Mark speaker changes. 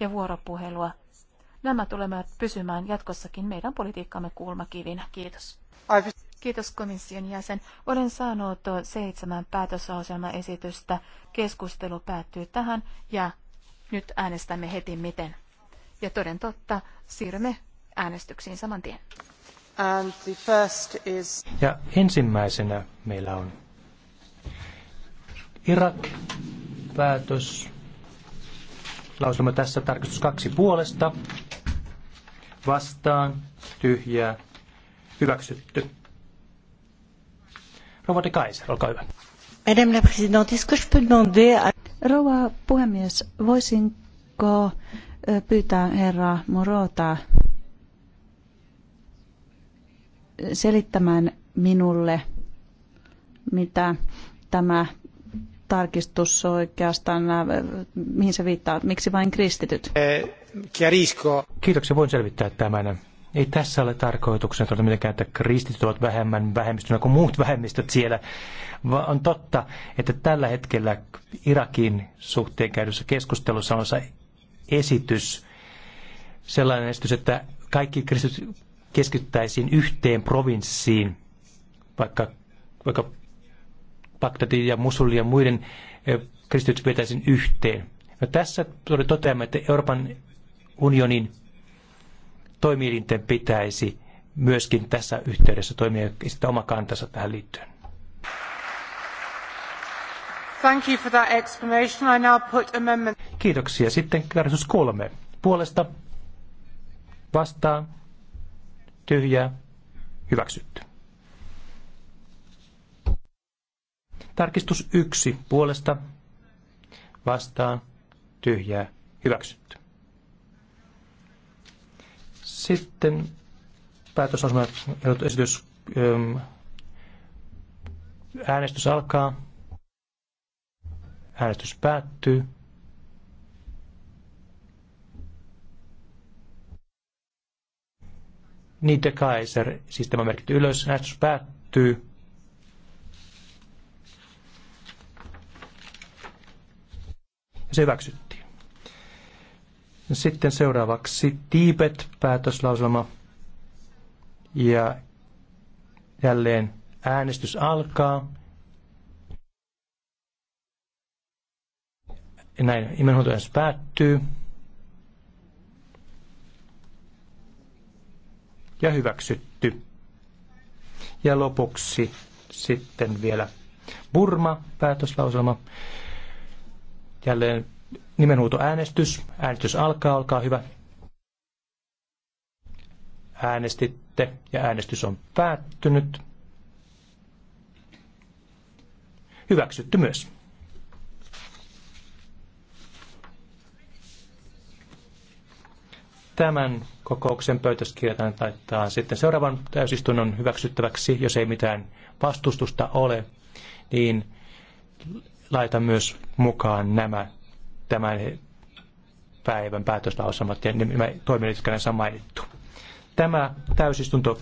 Speaker 1: ja vuoropuhelua. Nämä tulevat pysymään jatkossakin meidän politiikkamme kulmakivinä. Kiitos. Kiitos komission jäsen. Olen saanut seitsemän esitystä Keskustelu päättyy tähän ja nyt äänestämme heti miten. Ja toden totta, siirrymme äänestyksiin saman tien. And the first is... Ja ensimmäisenä meillä on Irak-päätös lausuma tässä tarkistus kaksi puolesta. Vastaan. Tyhjää. Hyväksytty. Rova de Kaiser, olkaa hyvä. Madame la Présidente, est-ce que je peux demander... À... Rova puhemies, voisinko pyytää herra Morota selittämään minulle, mitä tämä tarkistus oikeastaan, äh, mihin se viittaa, miksi vain kristityt? Eh, Kiitoksia, voin selvittää tämän. Ei tässä ole tarkoituksena tuota mitenkään, että kristityt ovat vähemmän vähemmistönä kuin muut vähemmistöt siellä, vaan on totta, että tällä hetkellä Irakin suhteen käydyssä keskustelussa on se esitys, sellainen esitys, että kaikki kristityt keskittäisiin yhteen provinssiin, vaikka, vaikka Bagdadin ja Musulin ja muiden kristityt vietäisiin yhteen. No tässä toteamme, että Euroopan unionin toimielinten pitäisi myöskin tässä yhteydessä toimia ja oma kantansa tähän liittyen. Thank you for that explanation. I now put amendment. Kiitoksia. Sitten tarkistus kolme. Puolesta, vastaan, tyhjää, hyväksytty. Tarkistus yksi puolesta vastaan tyhjää hyväksytty. Sitten esitys äänestys alkaa. Äänestys päättyy. Niitä Kaiser, siis tämä merkitty ylös, äänestys päättyy. Se hyväksyttiin. Sitten seuraavaksi Tiibet päätöslauselma ja jälleen äänestys alkaa. Ja näin imenhuoltoäänestys päättyy. Ja hyväksytty. Ja lopuksi sitten vielä Burma päätöslauselma. Jälleen nimenhuutoäänestys. Äänestys alkaa, olkaa hyvä. Äänestitte ja äänestys on päättynyt. Hyväksytty myös. Tämän kokouksen pöytäskirjaan taittaa sitten seuraavan täysistunnon hyväksyttäväksi, jos ei mitään vastustusta ole, niin laita myös mukaan nämä tämän päivän päätöslausumat ja ne toiminnot, jotka on mainittu. Tämä täysistunto